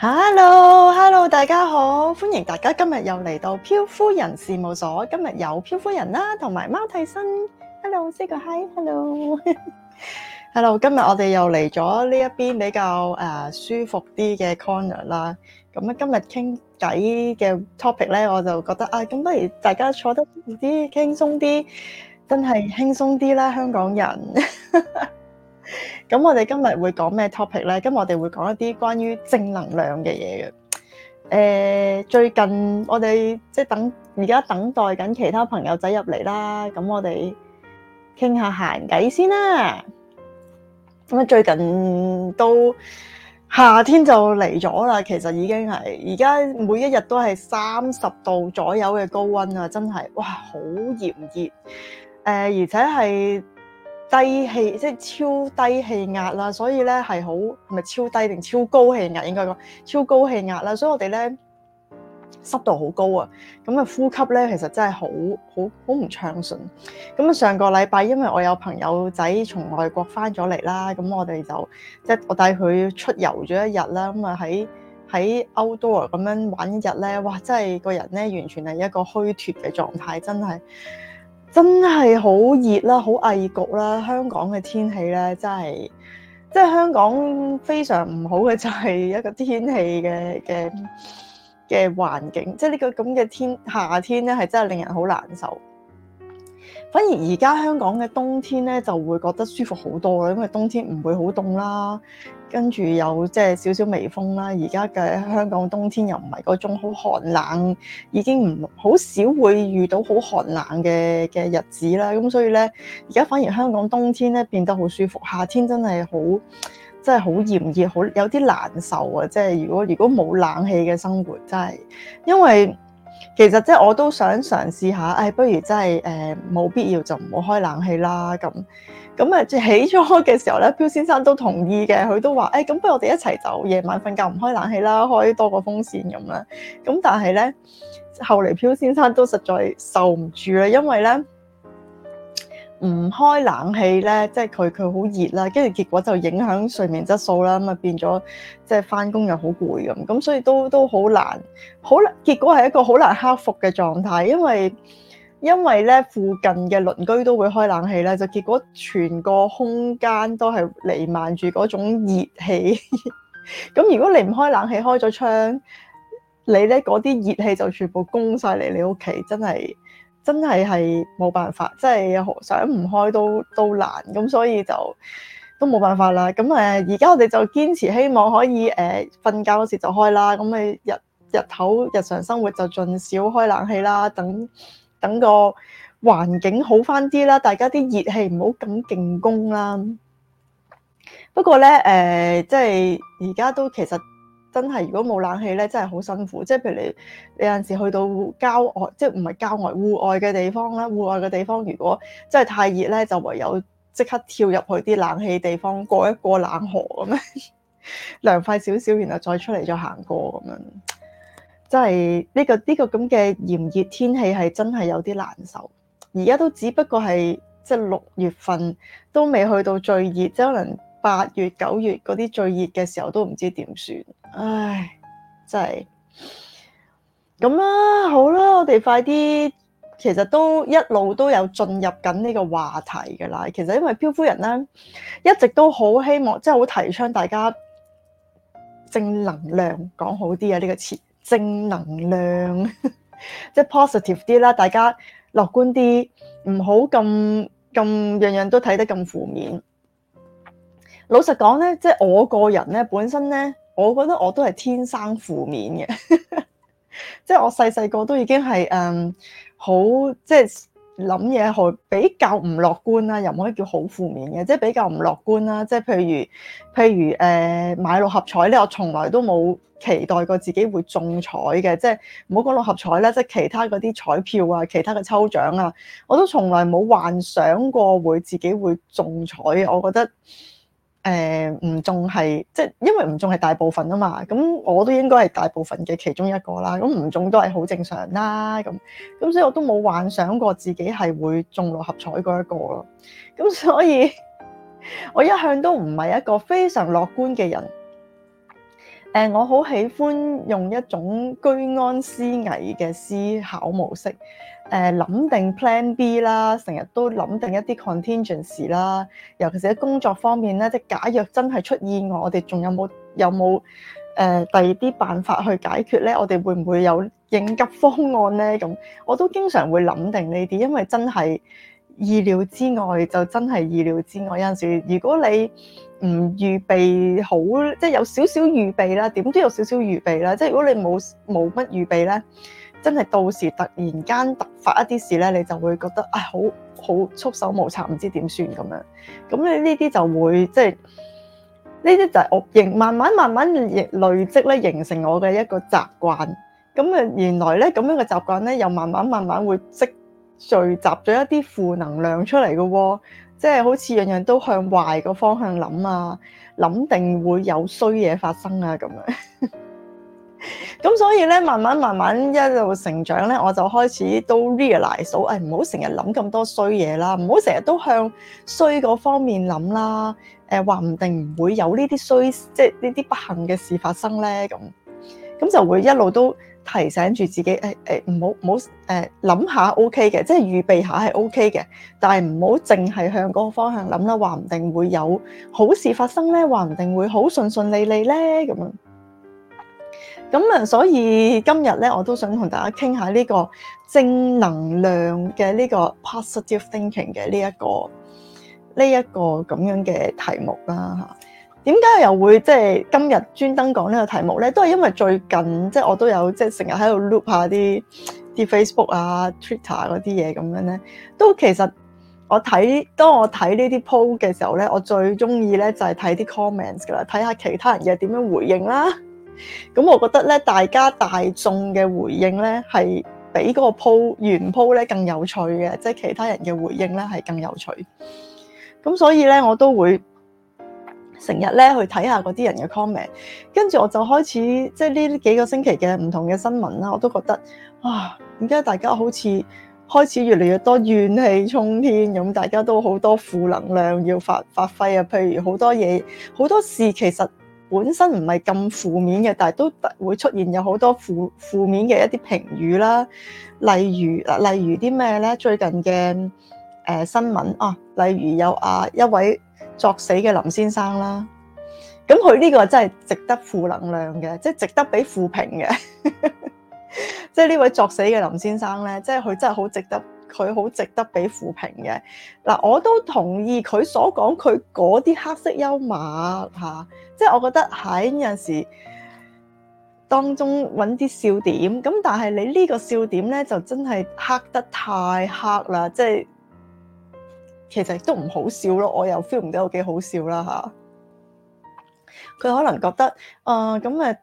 Hello，Hello，Hello，大家好，歡迎大家今日又嚟到漂夫人事務所。今日有漂夫人啦，啊，同埋貓替身。Hello，先個 Hi，Hello，Hello， 呃嗯。今日我哋又嚟咗呢一邊比較誒舒服啲嘅 corner 啦。咁今日傾偈嘅 topic 呢，我就覺得啊，咁不如大家坐得舒服啲輕鬆啲，真係輕鬆啲啦，香港人。 咁我哋今日會講咩 topic 咧？今日我哋會講一啲關於正能量嘅嘢嘅。誒，最近我哋即係等而家等待緊其他朋友仔入嚟啦。咁我哋傾下閒偈先啦。咁啊，最近都夏天就嚟咗啦，其實已經係而家每一日都係三十度左右嘅高溫啊！真係哇，好炎熱。誒，而且係。低氣即係超低氣壓啦，所以咧係好係咪超低定超高氣壓？應該講超高氣壓啦，所以我哋咧濕度好高啊，咁啊呼吸咧其實真係好好好唔暢順。咁啊上個禮拜因為我有朋友仔從外國翻咗嚟啦，咁我哋就即係我帶佢出遊咗一日啦，咁啊喺喺 outdoor 咁樣玩一日咧，哇！真係個人咧完全係一個虛脫嘅狀態，真係。真係好熱啦，好翳焗啦！香港嘅天氣咧，真係即係香港非常唔好嘅就係一個天氣嘅嘅嘅環境，即係呢個咁嘅天夏天咧，係真係令人好難受。反而而家香港嘅冬天咧就會覺得舒服好多啦，因為冬天唔會好凍啦，跟住有即係少少微風啦。而家嘅香港冬天又唔係嗰種好寒冷，已經唔，好少會遇到好寒冷嘅嘅日子啦。咁所以咧，而家反而香港冬天咧變得好舒服，夏天真係好，真係好炎熱，好，有啲難受啊！即係如果如果冇冷氣嘅生活真係因為。其實即係我都想嘗試下，誒、哎、不如真係誒冇必要就唔好開冷氣啦咁。咁啊起初嘅時候咧，飄先生都同意嘅，佢都話誒咁，哎、不如我哋一齊走，夜晚瞓覺唔開冷氣啦，開多個風扇咁啦。咁但係咧，後嚟飄先生都實在受唔住啦，因為咧。唔開冷氣咧，即係佢佢好熱啦，跟住結果就影響睡眠質素啦，咁啊變咗即係返工又好攰咁，咁所以都都好難，好難結果係一個好難克服嘅狀態，因為因為咧附近嘅鄰居都會開冷氣咧，就結果全個空間都係瀰漫住嗰種熱氣，咁 如果你唔開冷氣，開咗窗，你咧嗰啲熱氣就全部攻晒嚟你屋企，真係～真係係冇辦法，即係想唔開都都難咁，所以就都冇辦法啦。咁誒，而家我哋就堅持希望可以誒瞓、呃、覺嗰時就開啦。咁你日日頭日常生活就盡少開冷氣啦。等等個環境好返啲啦，大家啲熱氣唔好咁勁攻啦。不過咧誒，即係而家都其實。真係，如果冇冷氣咧，真係好辛苦。即係譬如你，你有陣時去到郊外，即係唔係郊外，戶外嘅地方啦。戶外嘅地方如果真係太熱咧，就唯有即刻跳入去啲冷氣地方過一過冷河咁樣涼快少少，然後再出嚟再行過咁樣。真係呢，呢個呢，呢個咁嘅炎熱天氣係真係有啲難受。而家都只不過係即係六月份都未去到最熱，即，即係、可能。八月九月嗰啲最熱嘅時候都唔知點算，唉，真係咁啦，好啦，我哋快啲，其實都一路都有進入緊呢個話題噶啦。其實因為漂夫人咧，一直都好希望，即係好提倡大家正能量，講好啲啊呢個詞，正能量， 即係 positive 啲啦，大家樂觀啲，唔好咁咁樣樣都睇得咁負面。老實講咧，即係我個人咧，本身咧，我覺得我都係天生負面嘅，即 係我細細個都已經係誒、um, 好，即係諗嘢，比較唔樂觀啦，又唔可以叫好負面嘅，即係比較唔樂觀啦。即係譬如譬如誒、uh, 買六合彩咧，我從來都冇期待過自己會中彩嘅。即係唔好講六合彩啦，即係其他嗰啲彩票啊，其他嘅抽獎啊，我都從來冇幻想過會自己會中彩嘅。我覺得。誒唔中係即係，因為唔中係大部分啊嘛，咁我都應該係大部分嘅其中一個啦。咁唔中都係好正常啦，咁咁所以我都冇幻想過自己係會中六合彩嗰一個咯。咁所以，我一向都唔係一個非常樂觀嘅人。誒，我好喜歡用一種居安思危嘅思考模式。誒，諗定 Plan B 啦，成日都諗定一啲 contingency 啦。尤其是喺工作方面咧，即係假若真係出現意外，我哋仲有冇有冇誒第二啲辦法去解決咧？我哋會唔會有應急方案咧？咁我都經常會諗定呢啲，因為真係意料之外就真係意料之外。有陣時，如果你唔預備好，即係有少少預備啦，點都有少少預備啦。即係如果你冇冇乜預備咧，真係到時突然間突發一啲事咧，你就會覺得啊，好好束手無策，唔知點算咁樣。咁咧呢啲就會即係呢啲就係我形慢慢慢慢累積咧，形成我嘅一個習慣。咁啊，原來咧咁樣嘅習慣咧，又慢慢慢慢會積聚集咗一啲負能量出嚟嘅喎。即係好似樣樣都向壞個方向諗啊，諗定會有衰嘢發生啊，咁樣咁，所以咧，慢慢慢慢一路成長咧，我就開始都 realize 到，誒唔好成日諗咁多衰嘢啦，唔好成日都向衰個方面諗啦。誒話唔定唔會有呢啲衰，即係呢啲不幸嘅事發生咧。咁咁就會一路都。提醒住自己，誒誒唔好唔好誒諗下 OK 嘅，即係預備下係 OK 嘅，但係唔好淨係向嗰個方向諗啦，話唔定會有好事發生咧，話唔定會好順順利利咧咁樣。咁啊，所以今日咧，我都想同大家傾下呢個正能量嘅呢個 positive thinking 嘅呢一個呢一個咁樣嘅題目啦嚇。點解又會即係今日專登講呢個題目咧？都係因為最近即係我都有即係成日喺度 loop 下啲啲 Facebook 啊、Twitter 嗰啲嘢咁樣咧。都其實我睇當我睇呢啲 post 嘅時候咧，我最中意咧就係睇啲 comments 噶啦，睇下其他人嘅點樣回應啦。咁我覺得咧，大家大眾嘅回應咧係比嗰個 post 原 post 咧更有趣嘅，即係其他人嘅回應咧係更有趣。咁所以咧，我都會，成日咧去睇下嗰啲人嘅 comment，跟住我就開始即係呢幾個星期嘅唔同嘅新聞啦，我都覺得啊，點解大家好似開始越嚟越多怨氣沖天，咁大家都好多負能量要發發揮啊。譬如好多嘢，好多事其實本身唔係咁負面嘅，但係都會出現有好多負負面嘅一啲評語啦。例如啊，例如啲咩咧？最近嘅誒、呃、新聞啊，例如有啊一位，作死嘅林先生啦，咁佢呢個真係值得負能量嘅，即係值得俾負評嘅。即係呢位作死嘅林先生咧，即係佢真係好值得，佢好值得俾負評嘅。嗱，我都同意佢所講佢嗰啲黑色幽默吓，即係我覺得喺有陣時當中揾啲笑點，咁但係你呢個笑點咧就真係黑得太黑啦，即係。其實都唔好笑咯，我又 feel 唔到幾好笑啦嚇。佢可能覺得啊咁，誒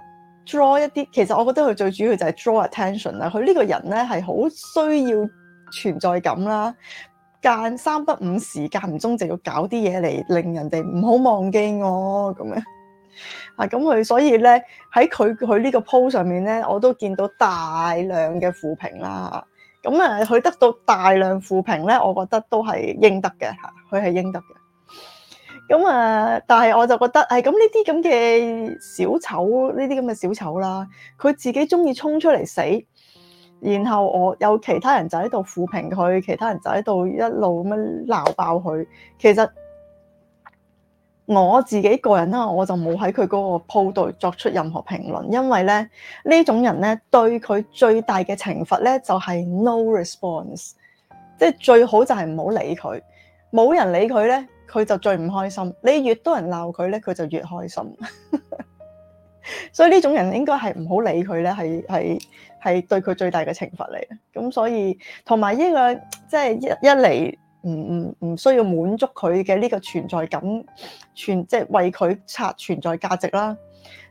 draw 一啲，其實我覺得佢最主要就係 draw attention 啦。佢呢個人咧係好需要存在感啦，間三不五時間唔中就要搞啲嘢嚟令人哋唔好忘記我咁樣。啊咁佢所以咧喺佢佢呢個 post 上面咧，我都見到大量嘅負評啦。咁啊，佢得到大量負評咧，我覺得都係應得嘅，佢係應得嘅。咁啊，但係我就覺得，係咁呢啲咁嘅小丑，呢啲咁嘅小丑啦，佢自己鍾意衝出嚟死，然後我有其他人就喺度負評佢，其他人就喺度一路咁樣鬧爆佢，其實。我自己個人啦，我就冇喺佢嗰個鋪度作出任何評論，因為咧呢這種人呢種人咧對佢最大嘅懲罰咧就係 no response，即係最好就係唔好理佢，冇人理佢咧，佢就最唔開心。你越多人鬧佢咧，佢就越開心。 所以呢種人應該係唔好理佢咧，係係係對佢最大嘅懲罰嚟。咁所以同埋呢個即係一一嚟。唔唔唔需要滿足佢嘅呢個存在感，存即係為佢擦存在價值啦。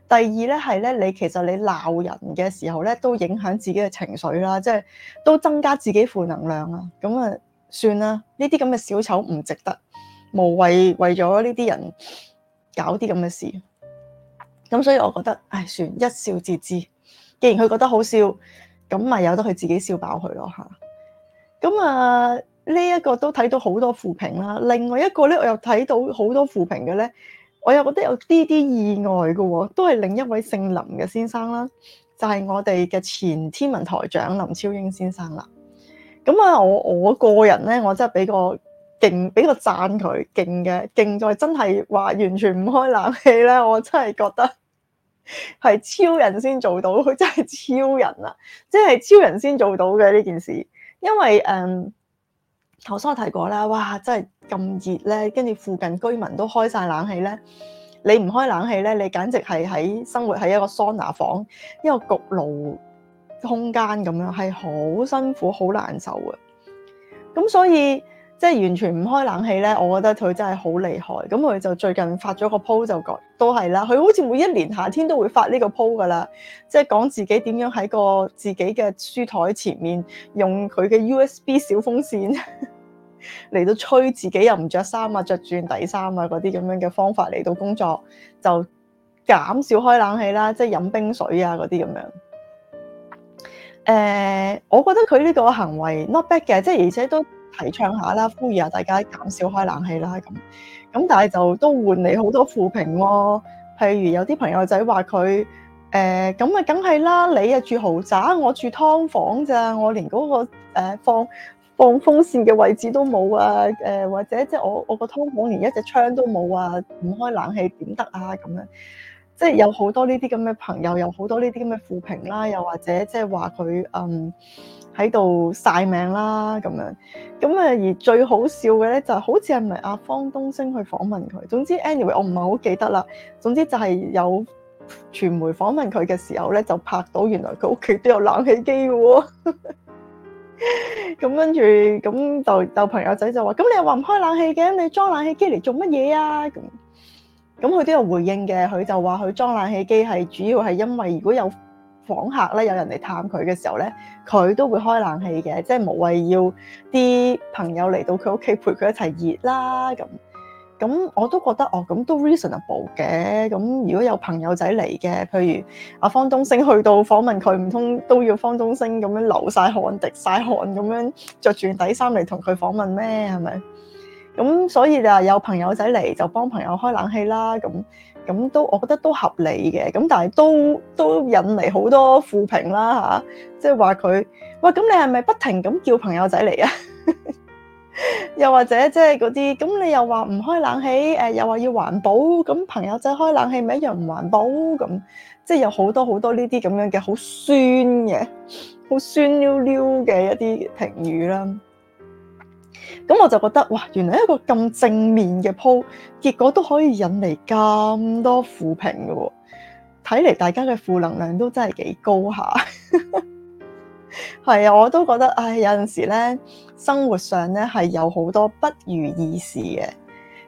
第二咧係咧，你其實你鬧人嘅時候咧，都影響自己嘅情緒啦，即係都增加自己負能量啦。咁啊，算啦，呢啲咁嘅小丑唔值得，無謂為咗呢啲人搞啲咁嘅事。咁所以我覺得唉，算一笑置之。既然佢覺得好笑，咁咪由得佢自己笑爆佢咯吓，咁啊～呢、這、一個都睇到好多負評啦，另外一個咧，我又睇到好多負評嘅咧，我又覺得有啲啲意外嘅喎、哦，都係另一位姓林嘅先生啦，就係、是、我哋嘅前天文台長林超英先生啦。咁啊，我我個人咧，我真係俾個勁，俾個讚佢勁嘅勁在真係話完全唔開冷氣咧，我真係覺得係超人先做到，真係超人啊！即係超人先做到嘅呢件事，因為誒。嗯頭先我提過啦，哇！真係咁熱咧，跟住附近居民都開晒冷氣咧，你唔開冷氣咧，你簡直係喺生活喺一個桑拿房，一個焗爐空間咁樣，係好辛苦、好難受嘅。咁所以即係完全唔開冷氣咧，我覺得佢真係好厲害。咁佢就最近發咗個 po 就講都係啦，佢好似每一年夏天都會發呢個 po 噶啦，即係講自己點樣喺個自己嘅書台前面用佢嘅 USB 小風扇。嚟到吹自己又唔着衫啊，着住底衫啊，嗰啲咁樣嘅方法嚟到工作，就減少開冷氣啦，即係飲冰水啊嗰啲咁樣。誒、呃，我覺得佢呢個行為 not bad 嘅，即係而且都提倡下啦，呼籲下大家減少開冷氣啦咁。咁但係就都換嚟好多負評喎。譬如有啲朋友仔話佢誒咁啊，梗係啦，你啊住豪宅，我住劏房咋，我連嗰、嗰個誒、呃、放。放風扇嘅位置都冇啊，誒或者即係我我個湯房連一隻窗都冇啊，唔開冷氣點得啊咁樣，即係有好多呢啲咁嘅朋友，有好多呢啲咁嘅負評啦，又或者即係話佢嗯喺度晒命啦咁樣，咁啊而最好笑嘅咧就係好似係咪阿方東升去訪問佢，總之 anyway 我唔係好記得啦，總之就係有傳媒訪問佢嘅時候咧，就拍到原來佢屋企都有冷氣機嘅喎。咁跟住，咁就就朋友仔就話，咁你又話唔開冷氣嘅？你裝冷氣機嚟做乜嘢啊？咁咁佢都有回應嘅，佢就話佢裝冷氣機係主要係因為如果有訪客咧，有人嚟探佢嘅時候咧，佢都會開冷氣嘅，即係無謂要啲朋友嚟到佢屋企陪佢一齊熱啦咁。咁我都覺得哦，咁都 reasonable 嘅。咁如果有朋友仔嚟嘅，譬如阿方東升去到訪問佢，唔通都要方東升咁樣流晒汗、滴晒汗咁樣着住底衫嚟同佢訪問咩？係咪？咁所以就有朋友仔嚟就幫朋友開冷氣啦。咁咁都我覺得都合理嘅。咁但係都都引嚟好多負評啦吓？即係話佢喂，咁、就是、你係咪不，不停咁叫朋友仔嚟啊？ 又或者即係嗰啲，咁你又話唔開冷氣，誒，又話要環保，咁朋友仔開冷氣咪一樣唔環保，咁即係有好多好多呢啲咁樣嘅好酸嘅，好酸溜溜嘅一啲評語啦。咁我就覺得哇，原來一個咁正面嘅鋪，結果都可以引嚟咁多負評嘅哦。睇嚟大家嘅負能量都真係幾高下。 係啊，我都覺得，唉、哎，有陣時咧，生活上咧係有好多不如意事嘅。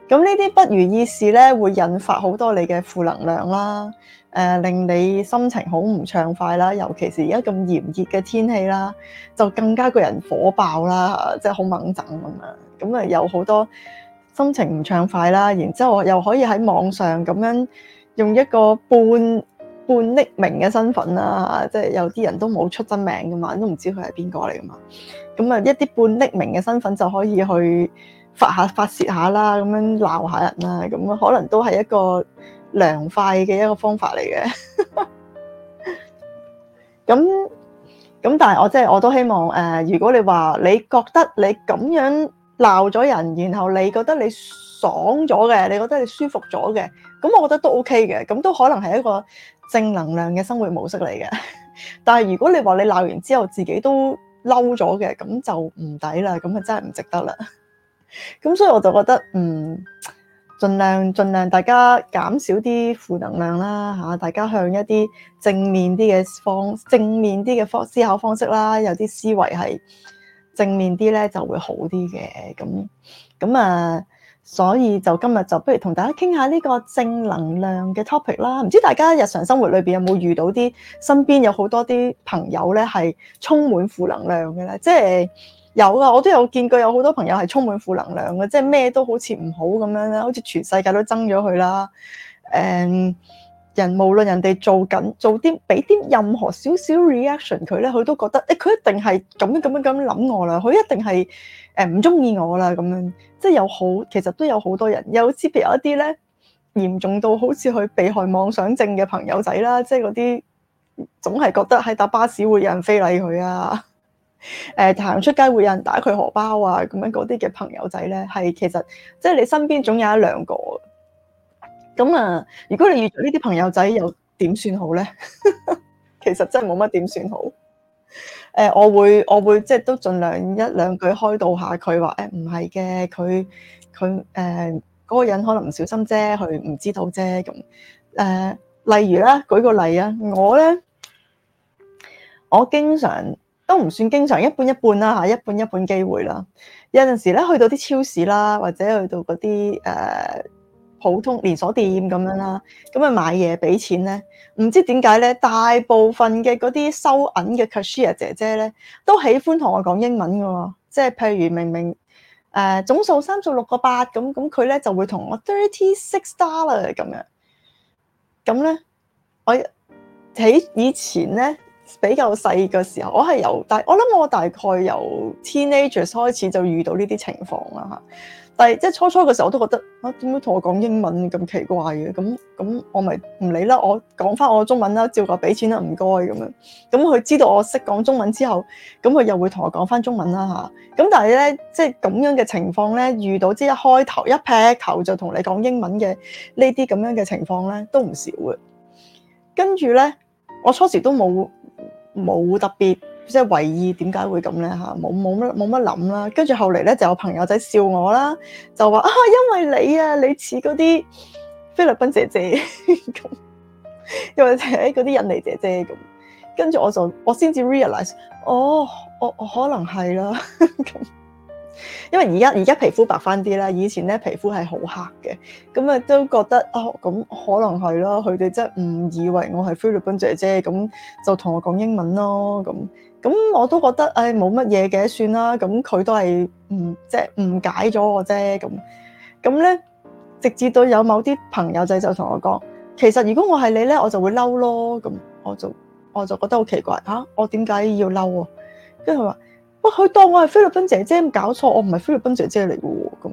咁呢啲不如意事咧，會引發好多你嘅負能量啦，誒、呃，令你心情好唔暢快啦。尤其是而家咁炎熱嘅天氣啦，就更加個人火爆啦，即係好猛整咁啊。咁啊，有好多心情唔暢快啦，然之後又可以喺網上咁樣用一個半。半匿名嘅身份啦，即係有啲人都冇出真名噶嘛，都唔知佢係邊個嚟噶嘛。咁啊，一啲半匿名嘅身份就可以去發下發泄下啦，咁樣鬧下人啦，咁樣可能都係一個涼快嘅一個方法嚟嘅。咁咁，但係我即係我都希望誒，如果你話你覺得你咁樣鬧咗人，然後你覺得你爽咗嘅，你覺得你舒服咗嘅，咁我覺得都 OK 嘅，咁都可能係一個。正能量嘅生活模式嚟嘅，但係如果你話你鬧完之後自己都嬲咗嘅，咁就唔抵啦，咁啊真係唔值得啦。咁所以我就覺得，嗯，盡量盡量大家減少啲負能量啦，吓，大家向一啲正面啲嘅方，正面啲嘅方思考方式啦，有啲思維係正面啲咧，就會好啲嘅。咁咁啊。所以就今日就不如同大家傾下呢個正能量嘅 topic 啦。唔知大家日常生活裏面有冇遇到啲身邊有好多啲朋友咧係充滿負能量嘅咧？即係有啊，我都有見過有好多朋友係充滿負能量嘅，即係咩都好似唔好咁樣啦，好似全世界都憎咗佢啦。誒人無論人哋做緊做啲俾啲任何少少 reaction 佢咧，佢都覺得誒，佢、欸、一定係咁樣咁樣咁樣諗我啦，佢一定係誒唔中意我啦咁樣。即係有好，其實都有好多人。有特別有一啲咧，嚴重到好似佢被害妄想症嘅朋友仔啦，即係嗰啲總係覺得喺搭巴士會有人非禮佢啊，誒、呃、行出街會有人打佢荷包啊，咁樣嗰啲嘅朋友仔咧，係其實即係你身邊總有一兩個。咁啊！如果你遇到呢啲朋友仔，又點算好咧？ 其實真係冇乜點算好。誒、呃，我會我會即係都盡量一兩句開導下佢，話誒唔係嘅，佢佢誒嗰個人可能唔小心啫，佢唔知道啫。咁、呃、誒，例如啦，舉個例啊，我咧，我經常都唔算經常，一半一半啦嚇，一半一半機會啦。有陣時咧，去到啲超市啦，或者去到嗰啲誒。呃普通連鎖店咁樣啦，咁啊買嘢俾錢咧，唔知點解咧，大部分嘅嗰啲收銀嘅 cashier 姐姐咧，都喜歡同我講英文嘅喎，即係譬如明明誒、呃、總數三十六個八咁，咁佢咧就會同我 thirty six dollar 咁樣，咁咧我喺以前咧。比較細嘅時候，我係由大我諗我大概由 teenagers 開始就遇到呢啲情況啦嚇。但係即係初初嘅時候我、啊我的我，我都覺得啊，點解同我講英文咁奇怪嘅？咁咁我咪唔理啦，我講翻我中文啦，照個俾錢啦，唔該咁樣。咁佢知道我識講中文之後，咁佢又會同我講翻中文啦吓？咁但係咧，即係咁樣嘅情況咧，遇到即係一開頭一劈頭就同你講英文嘅呢啲咁樣嘅情況咧，都唔少嘅。跟住咧，我初時都冇。冇特別即係為意點解會咁咧嚇，冇冇乜冇乜諗啦。跟住後嚟咧就有朋友仔笑我啦，就話啊因為你啊，你似嗰啲菲律賓姐姐咁，又或者嗰啲印尼姐姐咁。跟住我就我先至 realise，哦，我我可能係啦咁。因為而家而家皮膚白翻啲啦，以前咧皮膚係好黑嘅，咁啊都覺得哦，咁可能係咯，佢哋真誤以為我係菲律賓姐姐，咁就同我講英文咯，咁咁我都覺得誒冇乜嘢嘅，算啦，咁佢都係唔即係誤解咗我啫，咁咁咧，直至到有某啲朋友仔就同我講，其實如果我係你咧，我就會嬲咯，咁我就我就覺得好奇怪，吓，我點解要嬲啊？跟住佢話。佢當我係菲律賓姐姐咁搞錯，我唔係菲律賓姐姐嚟嘅喎，咁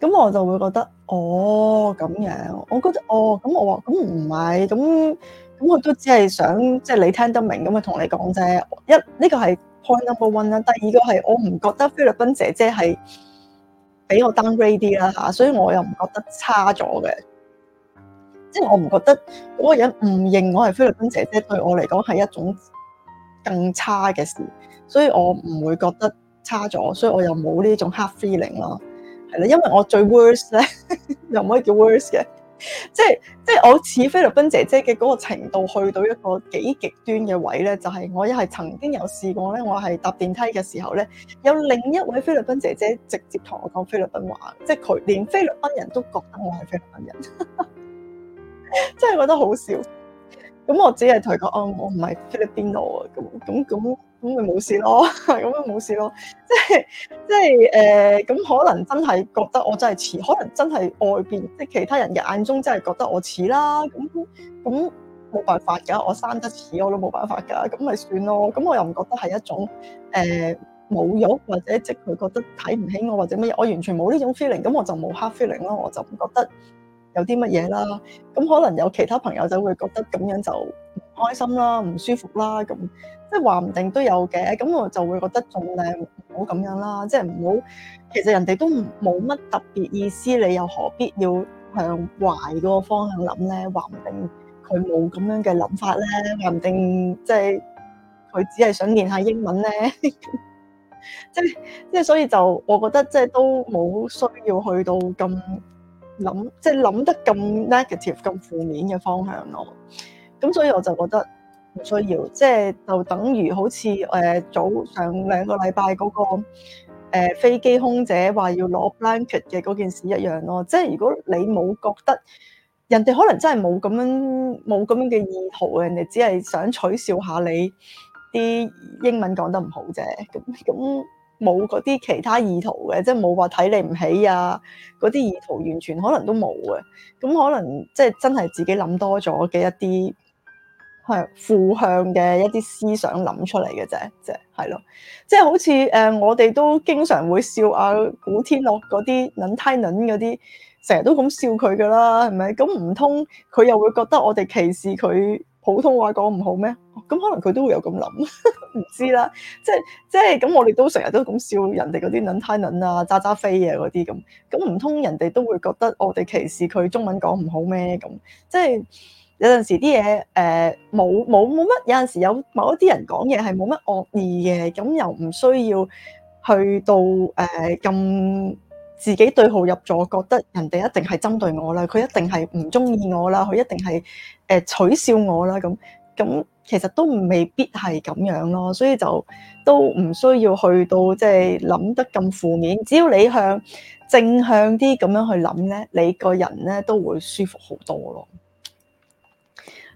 咁我就會覺得，哦咁樣，我覺得，哦咁我話，咁唔係，咁咁我都只係想即係你聽得明咁啊，同你講啫。一呢個係 point number one 啦，第二個係我唔覺得菲律賓姐姐係俾我 downgrade 啲啦嚇，所以我又唔覺得差咗嘅，即係我唔覺得嗰個人唔認我係菲律賓姐姐，對我嚟講係一種。更差嘅事，所以我唔會覺得差咗，所以我又冇呢種 hard feeling 咯，係啦，因為我最 worse 咧， 又唔可以叫 worse 嘅，即係即係我似菲律賓姐姐嘅嗰個程度去到一個幾極端嘅位咧，就係、是、我又係曾經有試過咧，我係搭電梯嘅時候咧，有另一位菲律賓姐姐直接同我講菲律賓話，即係佢連菲律賓人都覺得我係菲律賓人， 真係覺得好笑。咁我只係同佢講，哦、啊，我唔係菲律賓佬啊，咁咁咁咁咪冇事咯，係咁樣冇事咯，即係即係誒，咁、呃、可能真係覺得我真係似，可能真係外邊即係其他人嘅眼中真係覺得我似啦，咁咁冇辦法㗎，我生得似我都冇辦法㗎，咁咪算咯，咁我又唔覺得係一種誒侮辱或者即係佢覺得睇唔起我或者乜嘢，我完全冇呢種 feeling，咁我就冇 hard feeling 咯，我就唔覺得。有啲乜嘢啦，咁可能有其他朋友就會覺得咁樣就唔開心啦，唔舒服啦，咁即係話唔定都有嘅。咁我就會覺得仲靚，唔好咁樣啦，即係唔好。其實人哋都冇乜特別意思，你又何必要向壞嗰個方向諗咧？話唔定佢冇咁樣嘅諗法咧，話唔定即係佢只係想練下英文咧。即係即係，所以就我覺得即係都冇需要去到咁，hóa 諗即係諗得咁 negative、咁負面嘅方向咯，咁所以我就覺得唔需要，即、就、係、是、就等於好似誒、呃、早上兩個禮拜嗰個誒、呃、飛機空姐話要攞 blanket 嘅嗰件事一樣咯，即、就、係、是、如果你冇覺得人哋可能真係冇咁樣冇咁樣嘅意圖嘅，人哋只係想取笑下你啲英文講得唔好啫，咁咁。冇嗰啲其他意圖嘅，即係冇話睇你唔起啊！嗰啲意圖完全可能都冇嘅，咁可能即係真係自己諗多咗嘅一啲係負向嘅一啲思想諗出嚟嘅啫，啫係咯，即、就、係、是就是、好似誒、呃、我哋都經常會笑阿、啊、古天樂嗰啲輪胎輪嗰啲，成日都咁笑佢噶啦，係咪？咁唔通佢又會覺得我哋歧視佢？普通話講唔好咩？咁、哦、可能佢都會有咁諗，唔知啦。即係即係咁，我哋都成日都咁笑人哋嗰啲捻胎捻啊、渣渣飛啊嗰啲咁。咁唔通人哋都會覺得我哋歧視佢中文講唔好咩？咁即係有陣時啲嘢誒冇冇冇乜有陣時有某一啲人講嘢係冇乜惡意嘅，咁又唔需要去到誒咁。呃這自己對號入座，覺得人哋一定係針對我啦，佢一定係唔中意我啦，佢一定係誒取笑我啦，咁咁其實都未必係咁樣咯，所以就都唔需要去到即係諗得咁負面，只要你向正向啲咁樣去諗咧，你個人咧都會舒服好多咯。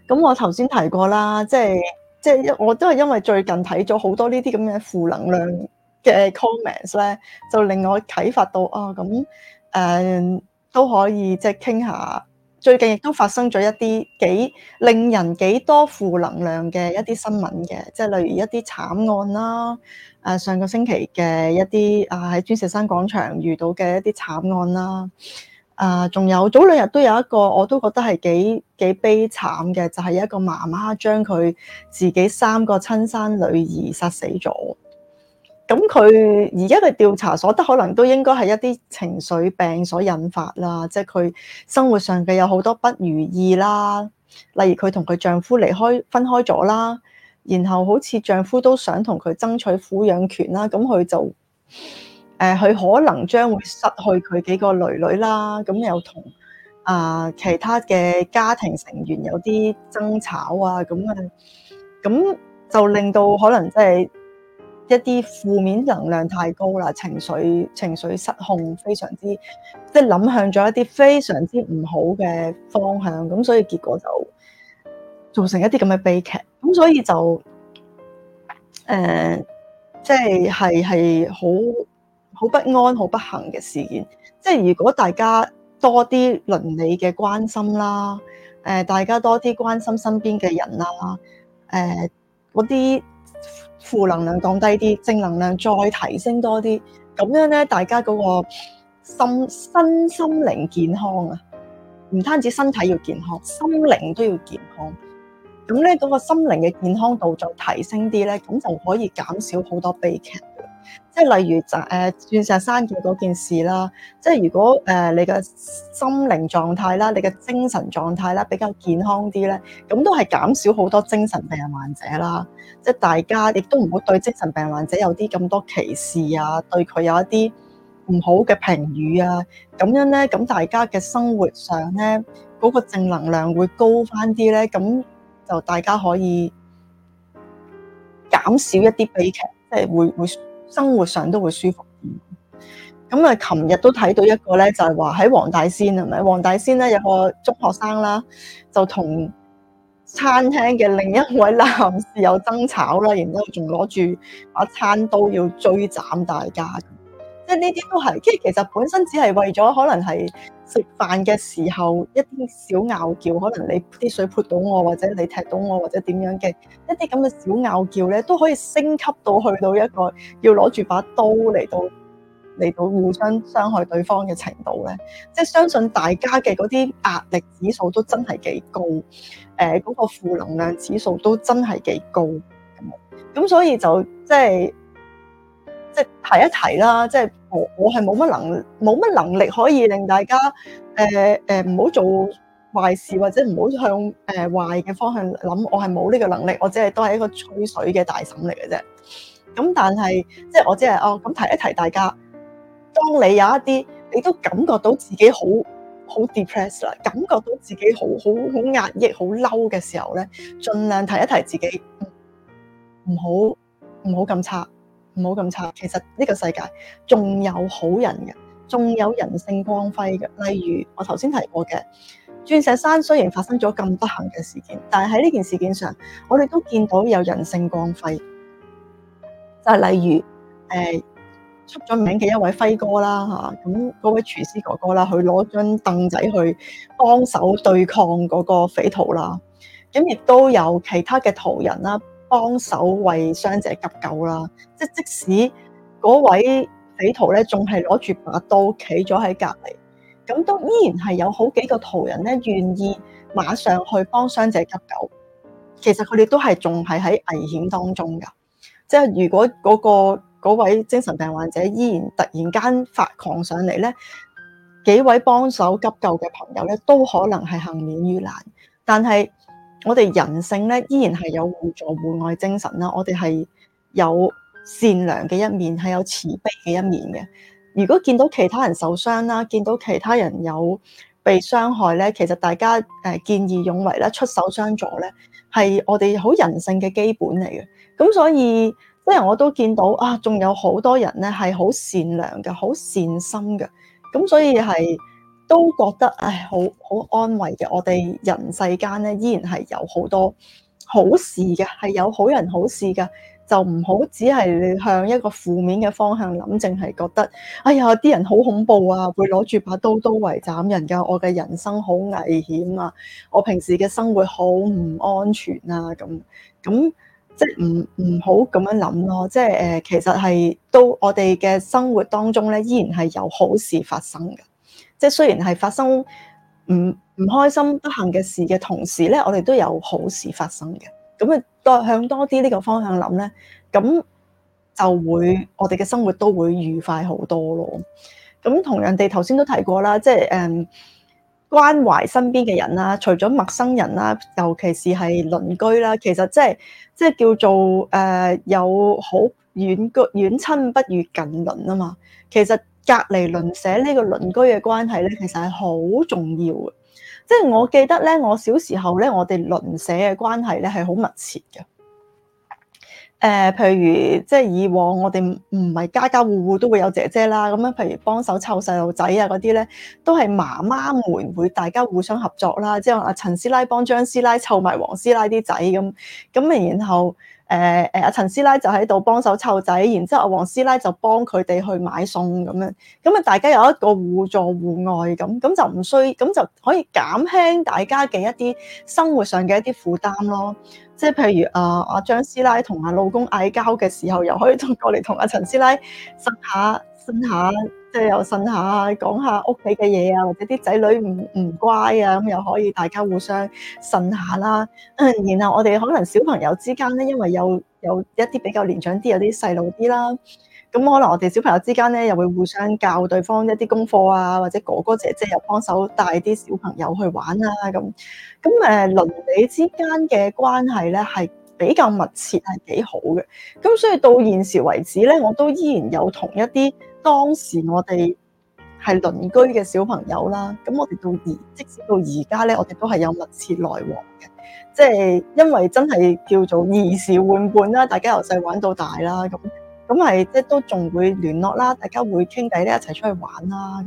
咁我頭先提過啦，即係即係，即係，我都係因為最近睇咗好多呢啲咁嘅負能量。嘅 comments 咧，就令我啟發到啊，咁、哦、誒、嗯、都可以即係傾、就是、下。最近亦都發生咗一啲幾令人幾多負能量嘅一啲新聞嘅，即係例如一啲慘案啦。誒上個星期嘅一啲啊喺鑽石山廣場遇到嘅一啲慘案啦。啊，仲有早兩日都有一個我都覺得係幾幾悲慘嘅，就係、是、一個媽媽將佢自己三個親生女兒殺死咗。咁佢而家嘅調查所得，可能都應該係一啲情緒病所引發啦。即係佢生活上嘅有好多不如意啦，例如佢同佢丈夫離開分開咗啦，然後好似丈夫都想同佢爭取撫養權啦，咁佢就誒佢可能將會失去佢幾個女女啦。咁又同啊其他嘅家庭成員有啲爭吵啊，咁啊，咁就令到可能即係。一啲負面能量太高啦，情緒情緒失控，非常之即係諗向咗一啲非常之唔好嘅方向，咁所以結果就造成一啲咁嘅悲劇，咁所以就誒即係係係好好不安、好不幸嘅事件。即係如果大家多啲倫理嘅關心啦，誒大家多啲關心身邊嘅人啦，誒嗰啲。負能量降低啲，正能量再提升多啲，咁樣咧，大家嗰個心、身心靈健康啊，唔單止身體要健康，心靈都要健康。咁咧，嗰個心靈嘅健康度再提升啲咧，咁就可以減少好多悲劇。即係例如，就誒，鑽石山嘅嗰件事啦。即係如果誒你嘅心靈狀態啦，你嘅精神狀態啦比較健康啲咧，咁都係減少好多精神病患者啦。即係大家亦都唔好對精神病患者有啲咁多歧視啊，對佢有一啲唔好嘅評語啊。咁樣咧，咁大家嘅生活上咧嗰個正能量會高翻啲咧，咁就大家可以減少一啲悲劇，即係會會。生活上都會舒服啲。咁啊，琴日都睇到一個咧，就係話喺黃大仙，係咪黃大仙咧，有個中學生啦，就同餐廳嘅另一位男士有爭吵啦，然之後仲攞住把餐刀要追斬大家。即係呢啲都係，即係其實本身只係為咗可能係食飯嘅時候一啲小拗撬，可能你啲水潑到我，或者你踢到我，或者點樣嘅一啲咁嘅小拗撬咧，都可以升級到去到一個要攞住把刀嚟到嚟到互相傷害對方嘅程度咧。即係相信大家嘅嗰啲壓力指數都真係幾高，誒嗰個負能量指數都真係幾高。咁所以就即係。就是。即係提一提啦，即係我我係冇乜能冇乜能力可以令大家誒誒唔好做壞事或者唔好向誒壞嘅方向諗，我係冇呢個能力，我只係都係一個吹水嘅大嬸嚟嘅啫。咁但係即係我只係哦咁提一提大家，當你有一啲你都感覺到自己好好 depressed 啦，感覺到自己好好好壓抑、好嬲嘅時候咧，盡量提一提自己，唔好唔好咁差。唔好咁差，其實呢個世界仲有好人嘅，仲有人性光輝嘅。例如我頭先提過嘅，鑽石山雖然發生咗咁不幸嘅事件，但係喺呢件事件上，我哋都見到有人性光輝。就係例如，誒出咗名嘅一位輝哥啦吓，咁嗰位廚師哥哥啦，佢攞張凳仔去幫手對抗嗰個匪徒啦，咁亦都有其他嘅途人啦。幫手為傷者急救啦，即即使嗰位匪徒咧，仲係攞住把刀企咗喺隔離，咁都依然係有好幾個途人咧願意馬上去幫傷者急救。其實佢哋都係仲係喺危險當中噶。即係如果嗰、嗰個嗰位精神病患者依然突然間發狂上嚟咧，幾位幫手急救嘅朋友咧都可能係幸免於難。但係，我哋人性咧依然係有互助互愛精神啦，我哋係有善良嘅一面，係有慈悲嘅一面嘅。如果見到其他人受傷啦，見到其他人有被傷害咧，其實大家誒見義勇為啦，出手相助咧，係我哋好人性嘅基本嚟嘅。咁所以即係我都見到啊，仲有好多人咧係好善良嘅，好善心嘅，咁所以係。都覺得唉，好好安慰嘅。我哋人世間咧，依然係有好多好事嘅，係有好人好事嘅，就唔好只係向一個負面嘅方向諗，淨係覺得哎呀啲人好恐怖啊，會攞住把刀周圍斬人㗎。我嘅人生好危險啊，我平時嘅生活好唔安全啊。咁咁即係唔唔好咁樣諗咯。即係誒，其實係都我哋嘅生活當中咧，依然係有好事發生嘅。即係雖然係發生唔唔開心不幸嘅事嘅同時咧，我哋都有好事發生嘅。咁啊，多向多啲呢個方向諗咧，咁就會我哋嘅生活都會愉快好多咯。咁同樣地，頭先都提過啦，即係誒關懷身邊嘅人啦，除咗陌生人啦，尤其是係鄰居啦，其實即係即係叫做誒有好遠遠親不如近鄰啊嘛。其實。隔離鄰舍呢個鄰居嘅關係咧，其實係好重要嘅。即係我記得咧，我小時候咧，我哋鄰舍嘅關係咧係好密切嘅。誒，譬如即係以往我哋唔係家家戶戶都會有姐姐啦，咁樣譬如幫手湊細路仔啊嗰啲咧，都係媽媽們會大家互相合作啦。即係阿陳師奶幫張師奶湊埋黃師奶啲仔咁，咁然後。誒、呃、誒，阿陳師奶就喺度幫手湊仔，然之後阿黃師奶就幫佢哋去買餸咁樣，咁啊大家有一個互助互愛咁，咁就唔需要，咁就可以減輕大家嘅一啲生活上嘅一啲負擔咯。即係譬如啊，阿張師奶同阿老公嗌交嘅時候，又可以通過嚟同阿陳師奶呻下呻下。即係又呻下，講下屋企嘅嘢啊，或者啲仔女唔唔乖啊，咁又可以大家互相呻下啦。然後我哋可能小朋友之間咧，因為有有一啲比較年長啲，有啲細路啲啦，咁可能我哋小朋友之間咧，又會互相教對方一啲功課啊，或者哥哥姐姐又幫手帶啲小朋友去玩啊。咁。咁誒鄰里之間嘅關係咧，係比較密切，係幾好嘅。咁所以到現時為止咧，我都依然有同一啲。當時我哋係鄰居嘅小朋友啦，咁我哋到而即使到而家咧，我哋都係有密切來往嘅，即係因為真係叫做兒時玩伴啦，大家由細玩到大啦，咁咁係即都仲會聯絡啦，大家會傾偈咧，一齊出去玩啦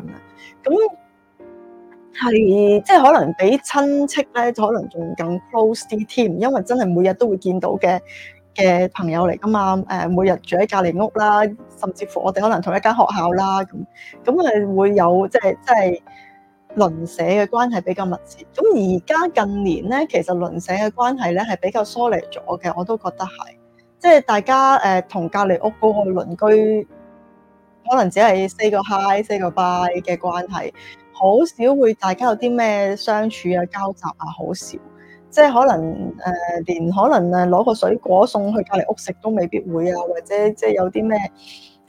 咁樣，咁係即係可能比親戚咧，就可能仲更 close 啲添，因為真係每日都會見到嘅。嘅朋友嚟㗎嘛？誒，每日住喺隔離屋啦，甚至乎我哋可能同一間學校啦，咁咁誒會有即係即係鄰舍嘅關係比較密切。咁而家近年咧，其實鄰舍嘅關係咧係比較疏離咗嘅，我都覺得係，即係大家誒、呃、同隔離屋嗰個鄰居，可能只係 say 個 hi say 個 bye 嘅關係，好少會大家有啲咩相處啊、交集啊，好少。即係可能誒、呃，連可能誒攞個水果送去隔離屋食都未必會啊，或者即係有啲咩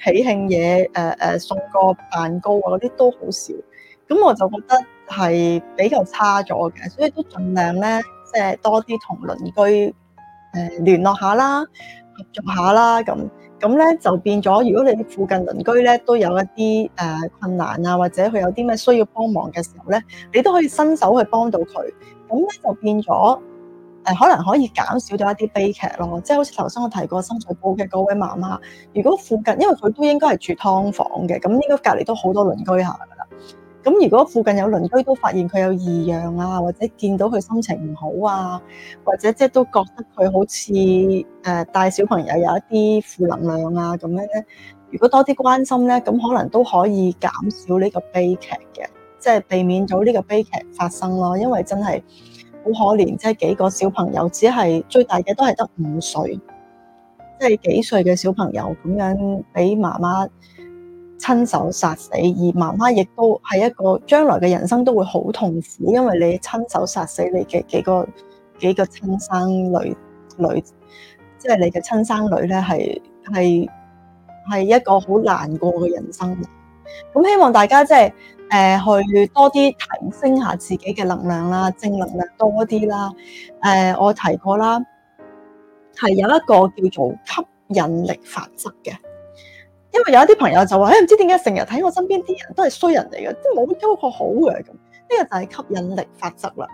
喜慶嘢誒誒送個蛋糕啊嗰啲都好少。咁我就覺得係比較差咗嘅，所以都盡量咧即係多啲同鄰居誒、呃、聯絡下啦，合作下啦咁。咁咧就變咗，如果你啲附近鄰居咧都有一啲誒困難啊，或者佢有啲咩需要幫忙嘅時候咧，你都可以伸手去幫到佢。咁咧就變咗誒，可能可以減少到一啲悲劇咯。即係好似頭先我提過深水埗嘅嗰位媽媽，如果附近因為佢都應該係住劏房嘅，咁應該隔籬都好多鄰居下。咁如果附近有鄰居都發現佢有異樣啊，或者見到佢心情唔好啊，或者即係都覺得佢好似誒帶小朋友有一啲負能量啊咁樣咧，如果多啲關心咧，咁可能都可以減少呢個悲劇嘅，即係避免到呢個悲劇發生咯。因為真係好可憐，即係幾個小朋友只係，只係最大嘅都係得五歲，即係幾歲嘅小朋友咁樣俾媽媽親手殺死，而媽媽亦都係一個將來嘅人生都會好痛苦。因為你親手殺死你嘅幾個幾個親生女女，即、就、係、是、你嘅親生女咧，係係係一個好難過嘅人生。咁希望大家即係誒去多啲提升下自己嘅能量啦，正能量多啲啦。誒、呃，我提過啦，係有一個叫做吸引力法則嘅。因為有一啲朋友就話，誒、哎、唔知點解成日睇我身邊啲人都係衰人嚟嘅，即係冇一個好嘅咁。呢、這個就係吸引力法則啦。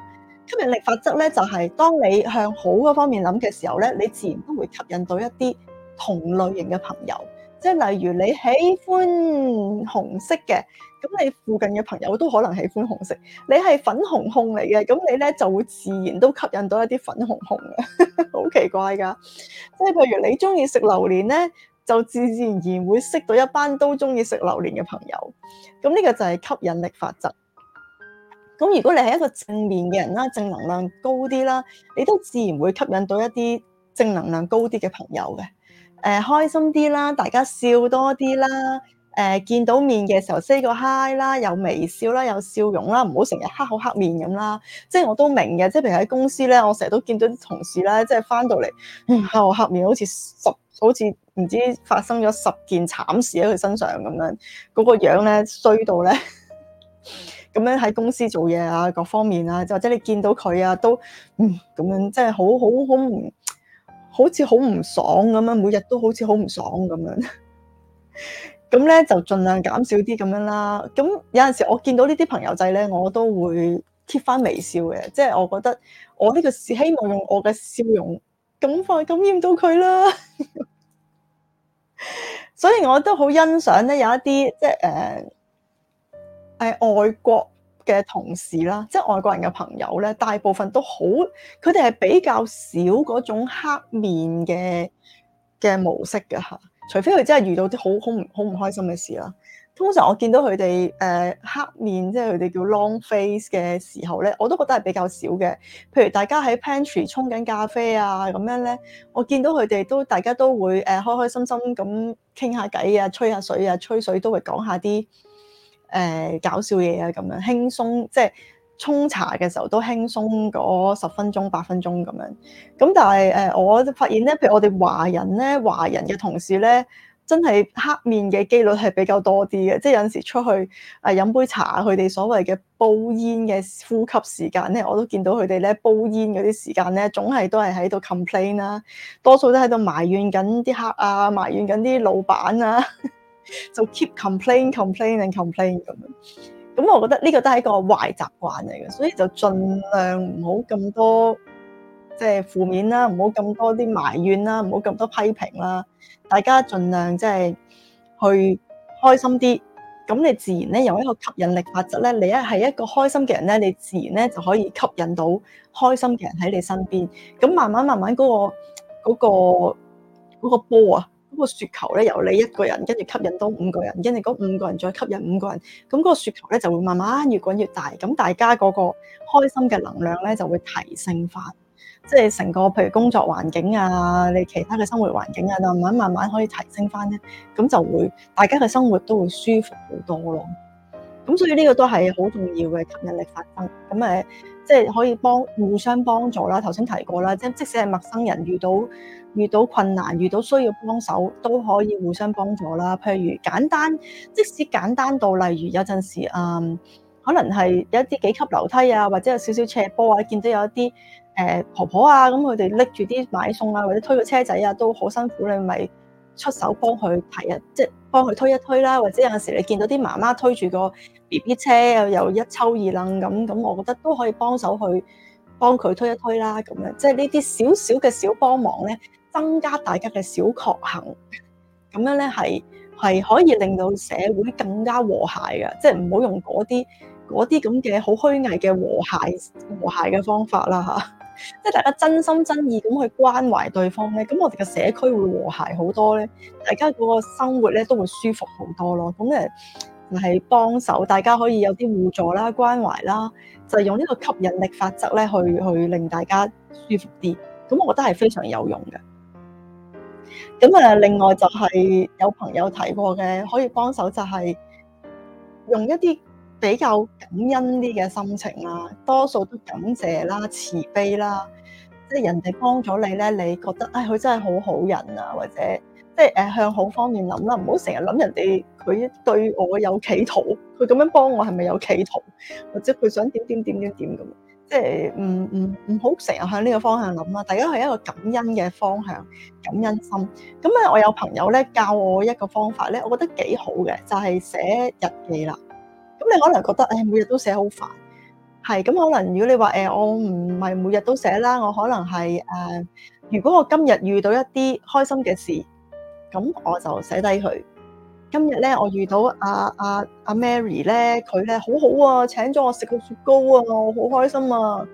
吸引力法則咧，就係、是、當你向好嗰方面諗嘅時候咧，你自然都會吸引到一啲同類型嘅朋友。即係例如你喜歡紅色嘅，咁你附近嘅朋友都可能喜歡紅色。你係粉紅控嚟嘅，咁你咧就會自然都吸引到一啲粉紅控嘅，好奇怪噶。即係譬如你中意食榴蓮咧。就自自然然會識到一班都中意食榴槤嘅朋友，咁呢個就係吸引力法則。咁如果你係一個正面嘅人啦，正能量高啲啦，你都自然會吸引到一啲正能量高啲嘅朋友嘅，誒、呃、開心啲啦，大家笑多啲啦。誒、呃、見到面嘅時候 say 個嗨啦，有微笑啦，有笑容啦，唔好成日黑口黑面咁啦。即係我都明嘅，即係譬如喺公司咧，我成日都見到啲同事咧，即係翻到嚟、嗯、黑口黑面，好似十好似唔知發生咗十件慘事喺佢身上咁樣嗰、嗰個樣咧，衰到咧咁樣喺公司做嘢啊，各方面啊，或者你見到佢啊，都嗯咁樣即係好好好唔好似好唔爽咁樣，樣每日都好似好唔爽咁樣。咁咧就儘量減少啲咁樣啦。咁有陣時我見到呢啲朋友仔咧，我都會貼翻微笑嘅。即係我覺得我呢個是希望用我嘅笑容咁快感染到佢啦。 所以我都好欣賞咧，有一啲即係誒誒外國嘅同事啦，即係外國人嘅朋友咧，大部分都好，佢哋係比較少嗰種黑面嘅嘅模式㗎。嚇。除非佢真係遇到啲好好唔好唔開心嘅事啦，通常我見到佢哋誒黑面，即係佢哋叫 long face 嘅時候咧，我都覺得係比較少嘅。譬如大家喺 pantry 沖緊咖啡啊咁樣咧，我見到佢哋都大家都會誒開開心心咁傾下偈啊，吹下水啊，吹水都會講下啲誒、呃、搞笑嘢啊咁樣輕鬆即係。就是沖茶嘅時候都輕鬆咗十分鐘、八分鐘咁樣。咁但係誒，我發現咧，譬如我哋華人咧，華人嘅同事咧，真係黑面嘅機率係比較多啲嘅。即係有時候出去誒飲杯茶，佢哋所謂嘅煲煙嘅呼吸時間咧，我都見到佢哋咧煲煙嗰啲時間咧，總係都係喺度 complain 啦。多數都喺度埋怨緊啲客啊，埋怨緊啲老闆啊，就 keep complain、complain and complain 咁樣。咁我覺得呢個都係一個壞習慣嚟嘅，所以就盡量唔好咁多即係負面啦，唔好咁多啲埋怨啦，唔好咁多批評啦。大家盡量即係去開心啲，咁你自然咧有一個吸引力法則咧，你一係一個開心嘅人咧，你自然咧就可以吸引到開心嘅人喺你身邊。咁慢慢慢慢嗰個嗰個嗰個波呀。嗰個雪球咧，由你一個人，跟住吸引到五個人，跟住嗰五個人再吸引五個人，咁、那、嗰個雪球咧就會慢慢越滾越大。咁大家嗰個開心嘅能量咧就會提升翻，即係成個譬如工作環境啊，你其他嘅生活環境啊，慢慢慢慢可以提升翻咧，咁就會大家嘅生活都會舒服好多咯。咁所以呢個都係好重要嘅吸引力發生。咁誒，即係可以幫互相幫助啦。頭先提過啦，即即使係陌生人遇到。遇到困難、遇到需要幫手都可以互相幫助啦。譬如簡單，即使簡單到例如有陣時，嗯，可能係有一啲幾級樓梯啊，或者有少少斜坡啊，見到有一啲誒婆婆啊，咁佢哋拎住啲買餸啊，或者推個車仔啊，都好辛苦，你咪出手幫佢提一，即係幫佢推一推啦、啊。或者有陣時你見到啲媽媽推住個 B B 車又一抽二楞咁，咁我覺得都可以幫手去幫佢推一推啦、啊。咁樣即係呢啲少少嘅小幫忙咧。增加大家嘅小確幸，咁樣咧係係可以令到社會更加和諧嘅，即係唔好用嗰啲嗰啲咁嘅好虛偽嘅和諧和諧嘅方法啦吓，即 係大家真心真意咁去關懷對方咧，咁我哋嘅社區會和諧好多咧，大家嗰個生活咧都會舒服好多咯。咁誒係幫手，大家可以有啲互助啦、關懷啦，就係、用呢個吸引力法則咧去去令大家舒服啲。咁我覺得係非常有用嘅。咁啊，另外就係有朋友提過嘅，可以幫手就係用一啲比較感恩啲嘅心情啦，多數都感謝啦、慈悲啦，即係人哋幫咗你咧，你覺得誒佢真係好好人啊，或者即係誒向好方面諗啦，唔好成日諗人哋佢對我有企圖，佢咁樣幫我係咪有企圖，或者佢想點點點點點咁。即係唔唔唔好成日向呢個方向諗啦，大家係一個感恩嘅方向，感恩心咁咧。我有朋友咧教我一個方法咧，我覺得幾好嘅就係寫日記啦。咁你可能覺得誒，每日都寫好煩，係。咁可能如果你話誒，我唔係每日都寫啦，我可能係誒，如果我今日遇到一啲開心嘅事，咁我就寫低佢。今日咧，我遇到阿阿阿 Mary 咧，佢咧好好啊，請咗我食個雪糕啊，我好開心啊！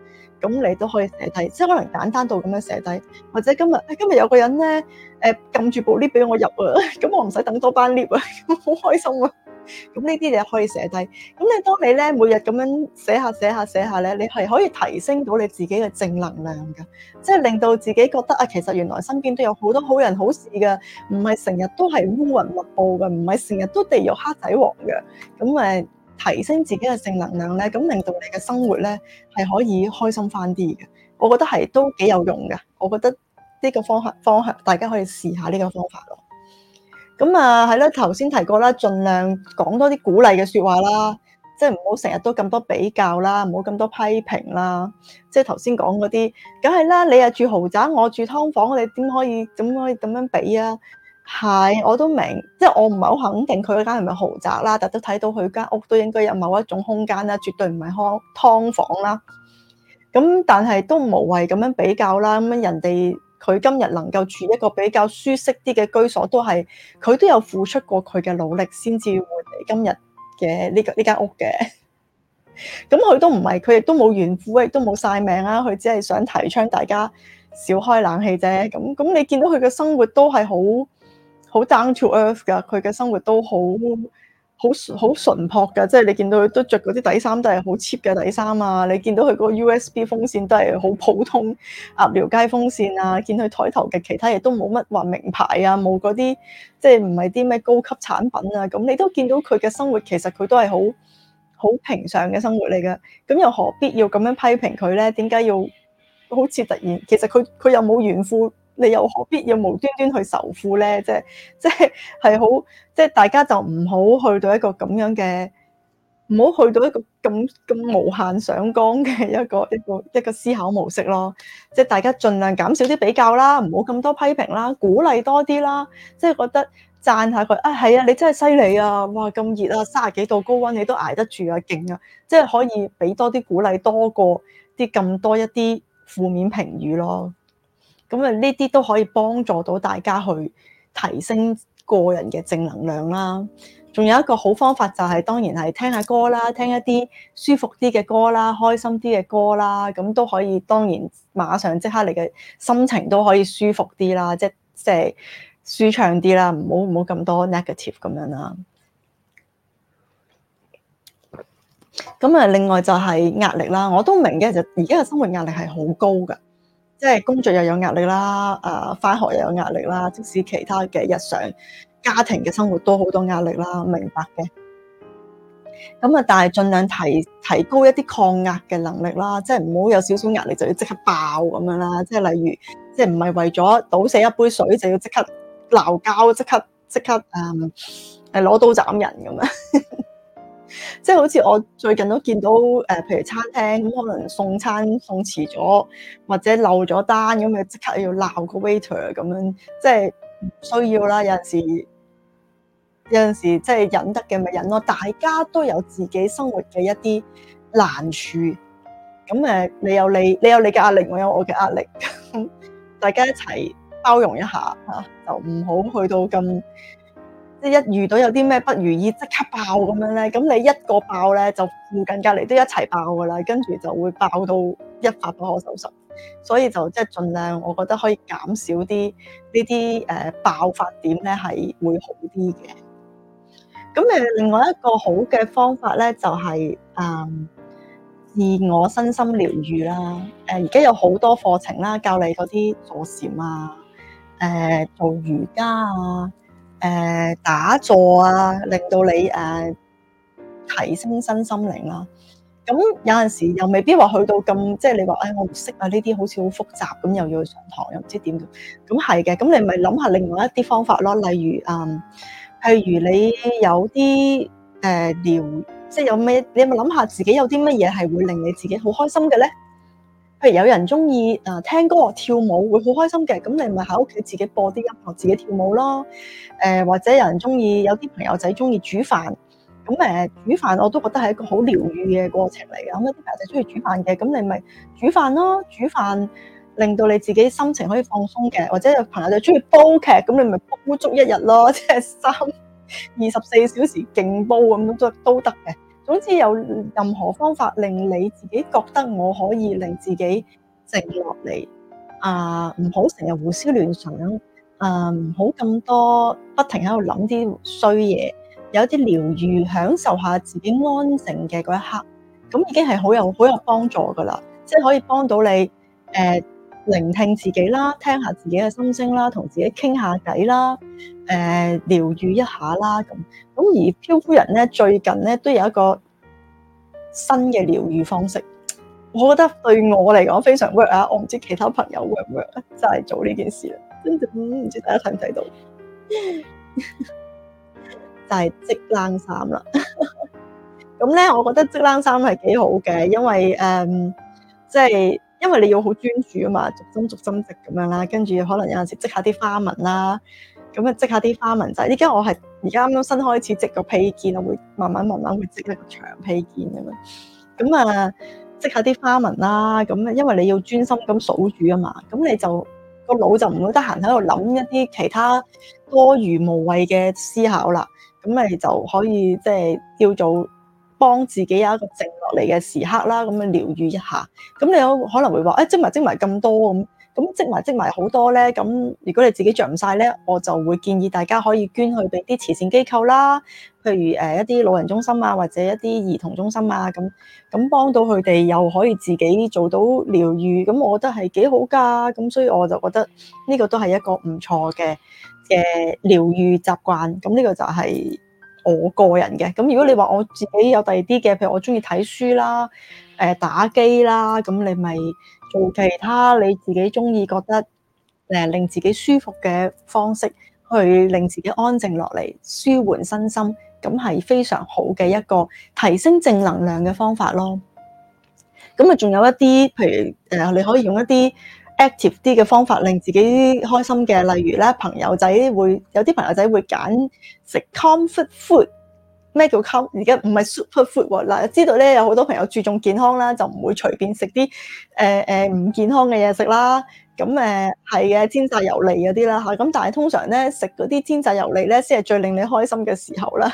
咁你都可以寫低，即係可能簡單到咁樣寫低，或者今日今日有個人咧，誒撳住部 lift 俾我入啊，咁我唔使等多班 lift 啊，好開心啊！ 咁呢啲嘢可以寫低，咁你當你咧每日咁樣寫下寫下寫下咧，你係可以提升到你自己嘅正能量嘅，即係令到自己覺得啊，其實原來身邊都有好多好人好事嘅，唔係成日都係烏雲密布嘅，唔係成日都地獄黑仔黃嘅，咁誒提升自己嘅正能量咧，咁令到你嘅生活咧係可以開心翻啲嘅，我覺得係都幾有用嘅，我覺得呢個方向方向大家可以試下呢個方法咯。咁啊，係啦，頭先提過啦，盡量講多啲鼓勵嘅説話啦，即係唔好成日都咁多比較啦，唔好咁多批評啦，即係頭先講嗰啲，梗係啦，你又住豪宅，我住劏房，你點可以咁可以咁樣比啊？係，我都明，即係我唔係好肯定佢間係咪豪宅啦，但都睇到佢間屋都應該有某一種空間啦，絕對唔係劏房啦。咁但係都無謂咁樣比較啦，咁樣人哋。佢今日能夠住一個比較舒適啲嘅居所，都係佢都有付出過佢嘅努力先至換嚟今日嘅呢個呢間屋嘅。咁 佢都唔係，佢亦都冇炫富，亦都冇晒命啊！佢只係想提倡大家少開冷氣啫。咁，咁你見到佢嘅生活都係好好 down to earth 㗎，佢嘅生活都好。好好淳樸噶，即係你見到佢都着嗰啲底衫都係好 cheap 嘅底衫啊！你見到佢嗰個 USB 風扇都係好普通鴨寮街風扇啊！見佢枱頭嘅其他嘢都冇乜話名牌啊，冇嗰啲即係唔係啲咩高級產品啊！咁你都見到佢嘅生活，其實佢都係好好平常嘅生活嚟噶。咁又何必要咁樣批評佢咧？點解要好似突然？其實佢佢又冇炫富。你又何必要無端端去仇富咧？即係即係係好，即係大家就唔好去到一個咁樣嘅，唔好去到一個咁咁無限上綱嘅一個一個一個思考模式咯。即係大家儘量減少啲比較啦，唔好咁多批評啦，鼓勵多啲啦。即係覺得讚下佢啊，係啊，你真係犀利啊！哇，咁熱啊，三十幾度高溫你都捱得住啊，勁啊！即係可以俾多啲鼓勵多過啲咁多一啲負面評語咯。咁啊，呢啲都可以幫助到大家去提升個人嘅正能量啦。仲有一個好方法就係，當然係聽下歌啦，聽一啲舒服啲嘅歌啦，開心啲嘅歌啦，咁都可以。當然，馬上即刻你嘅心情都可以舒服啲啦，即即係舒暢啲啦，唔好唔好咁多 negative 咁樣啦。咁啊，另外就係壓力啦，我都明嘅，就而家嘅生活壓力係好高噶。即係工作又有壓力啦，誒返學又有壓力啦，即使其他嘅日常家庭嘅生活都好多壓力啦，明白嘅。咁啊，但係儘量提提高一啲抗壓嘅能力啦，即係唔好有少少壓力就要即刻爆咁樣啦。即係例如，即係唔係為咗倒瀉一杯水就要即刻鬧交，即刻即刻誒攞、嗯、刀斬人咁樣！ 即係好似我最近都見到誒，譬如餐廳咁，可能送餐送遲咗，或者漏咗單咁，咪即刻要鬧個 waiter 咁樣，即係唔需要啦。有陣時有陣時即係忍得嘅咪忍咯。大家都有自己生活嘅一啲難處，咁誒，你有你，你有你嘅壓力，我有我嘅壓力，大家一齊包容一下嚇，就唔好去到咁。即一遇到有啲咩不如意，即刻爆咁樣咧，咁你一個爆咧，就附近隔離都一齊爆噶啦，跟住就會爆到一發不可收拾。所以就即係盡量，我覺得可以減少啲呢啲誒爆發點咧，係會好啲嘅。咁誒，另外一個好嘅方法咧，就係，就係誒自我身心療癒啦。誒，而家有好多課程啦，教你嗰啲坐禪啊，誒做瑜伽啊。誒打坐啊，令到你誒提升身心靈啦。咁有陣時又未必話去到咁，即係你話誒我唔識啊，呢啲好似好複雜，咁又要上堂又唔知點。咁係嘅，咁你咪諗下另外一啲方法咯。例如誒，譬如你有啲誒療，即係有咩？你咪諗下自己有啲乜嘢係會令你自己好開心嘅咧？譬如有人中意啊聽歌或跳舞會好開心嘅，咁你咪喺屋企自己播啲音樂自己跳舞咯。誒、呃、或者有人中意有啲朋友仔中意煮飯，咁誒煮飯我都覺得係一個好療癒嘅過程嚟嘅。咁有啲朋友仔中意煮飯嘅，咁你咪煮飯咯。煮飯令到你自己心情可以放鬆嘅，或者有朋友仔中意煲劇，咁你咪煲足一日咯，即係三二十四小時勁煲咁都都得嘅。總之，有任何方法令你自己覺得我可以令自己靜落嚟啊，唔好成日胡思亂想，啊，唔好咁多不停喺度諗啲衰嘢，有啲療愈，享受下自己安靜嘅嗰一刻，咁已經係好有好有幫助㗎喇，即係可以幫到你誒。呃聆聽自己啦，聽下自己嘅心聲啦，同自己傾下偈啦，誒療愈一下啦咁。咁而漂夫人咧，最近咧都有一個新嘅療愈方式，我覺得對我嚟講非常 work 啊！我唔知其他朋友 work 唔 work，就係、係、做呢件事啦。嗯，唔知大家睇唔睇到？ 就係織冷衫啦。咁 咧，我覺得織冷衫係幾好嘅，因為誒，即、嗯、係。就是因為你要好專注啊嘛，逐針逐針織咁樣啦，跟住可能有陣時織一下啲花紋啦，咁啊織一下啲花紋就，依家我係而家啱啱新開始織個披肩，會慢慢慢慢會織一個長披肩咁樣，咁啊織一下啲花紋啦，咁啊因為你要專心咁數住啊嘛，咁你就個腦就唔會得閒喺度諗一啲其他多餘無謂嘅思考啦，咁你就可以即係叫做。幫自己有一個靜落嚟嘅時刻啦，咁樣療愈一下。咁你有可能會話，誒、哎，積埋積埋咁多咁，咁積埋積埋好多咧。咁如果你自己着唔晒咧，我就會建議大家可以捐去俾啲慈善機構啦，譬如誒一啲老人中心啊，或者一啲兒童中心啊，咁咁幫到佢哋，又可以自己做到療愈。咁我覺得係幾好噶，咁所以我就覺得呢個都係一個唔錯嘅嘅療愈習慣。咁呢個就係、是。我個人嘅咁，如果你話我自己有第二啲嘅，譬如我鍾意睇書啦、誒打機啦，咁你咪做其他你自己鍾意覺得誒令自己舒服嘅方式，去令自己安靜落嚟，舒緩身心，咁係非常好嘅一個提升正能量嘅方法咯。咁啊，仲有一啲譬如誒，你可以用一啲。active 啲嘅方法令自己開心嘅，例如咧，朋友仔會有啲朋友仔會揀食 comfort food。咩叫 com？而家唔係 super food 嗱，知道咧，有好多朋友注重健康啦，就唔會隨便食啲誒誒唔健康嘅嘢食啦。咁誒係嘅，煎炸油膩嗰啲啦嚇。咁但係通常咧食嗰啲煎炸油膩咧，先係最令你開心嘅時候啦。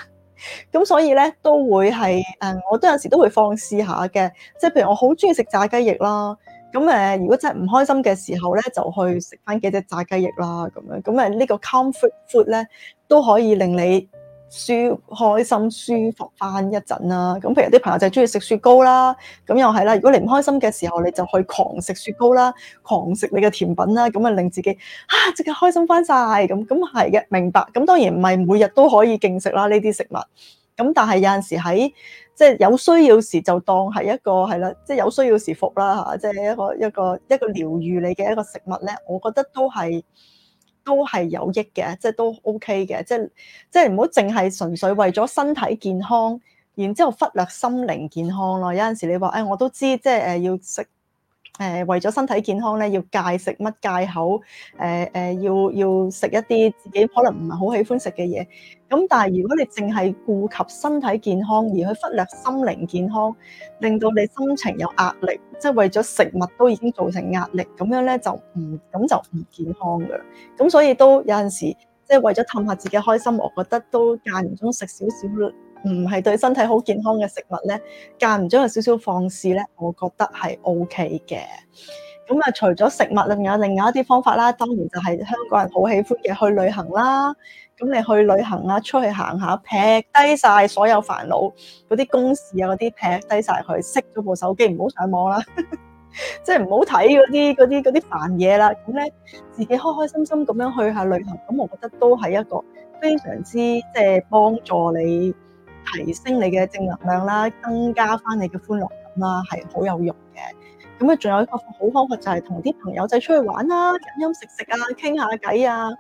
咁所以咧都會係誒，我都有時都會放肆下嘅。即係譬如我好中意食炸雞翼啦。咁誒，如果真係唔開心嘅時候咧，就去食翻幾隻炸雞翼啦，咁樣咁誒，呢個 comfort food 咧都可以令你舒開心、舒服翻一陣啦。咁譬如啲朋友就係中意食雪糕啦，咁又係啦。如果你唔開心嘅時候，你就去狂食雪糕啦，狂食你嘅甜品啦，咁誒令自己啊即刻開心翻晒。咁咁係嘅，明白。咁當然唔係每日都可以勁食啦呢啲食物。咁但係有陣時喺即係有需要時就當係一個係啦，即係有需要時服啦，吓，即係一個一個一個療癒你嘅一個食物咧，我覺得都係都係有益嘅，即係都 OK 嘅，即係即係唔好淨係純粹為咗身體健康，然之後忽略心靈健康咯。有陣時你話誒，我都知即係誒要食。誒為咗身體健康咧，要戒食乜戒口，誒、呃、誒、呃、要要食一啲自己可能唔係好喜歡食嘅嘢。咁但係如果你淨係顧及身體健康，而去忽略心靈健康，令到你心情有壓力，即、就、係、是、為咗食物都已經造成壓力，咁樣咧就唔咁就唔健康㗎。咁所以都有陣時，即係為咗氹下自己的開心，我覺得都間唔中食少少。唔係對身體好健康嘅食物咧，間唔中有少少放肆咧，我覺得係 OK 嘅。咁啊，除咗食物啊，仲有另外一啲方法啦。當然就係香港人好喜歡嘅去旅行啦。咁你去旅行啊，出去行下，劈低晒所有煩惱，嗰啲公事啊，嗰啲劈低晒佢，熄咗部手機，唔好上網啦，即係唔好睇嗰啲嗰啲嗰啲煩嘢啦。咁咧，自己開開心心咁樣去下旅行，咁我覺得都係一個非常之即係幫助你。提升你嘅正能量啦，增加翻你嘅歡樂感啦，係好有用嘅。咁啊，仲有一個好方法就係同啲朋友仔出去玩啦，飲飲食食啊，傾下偈啊，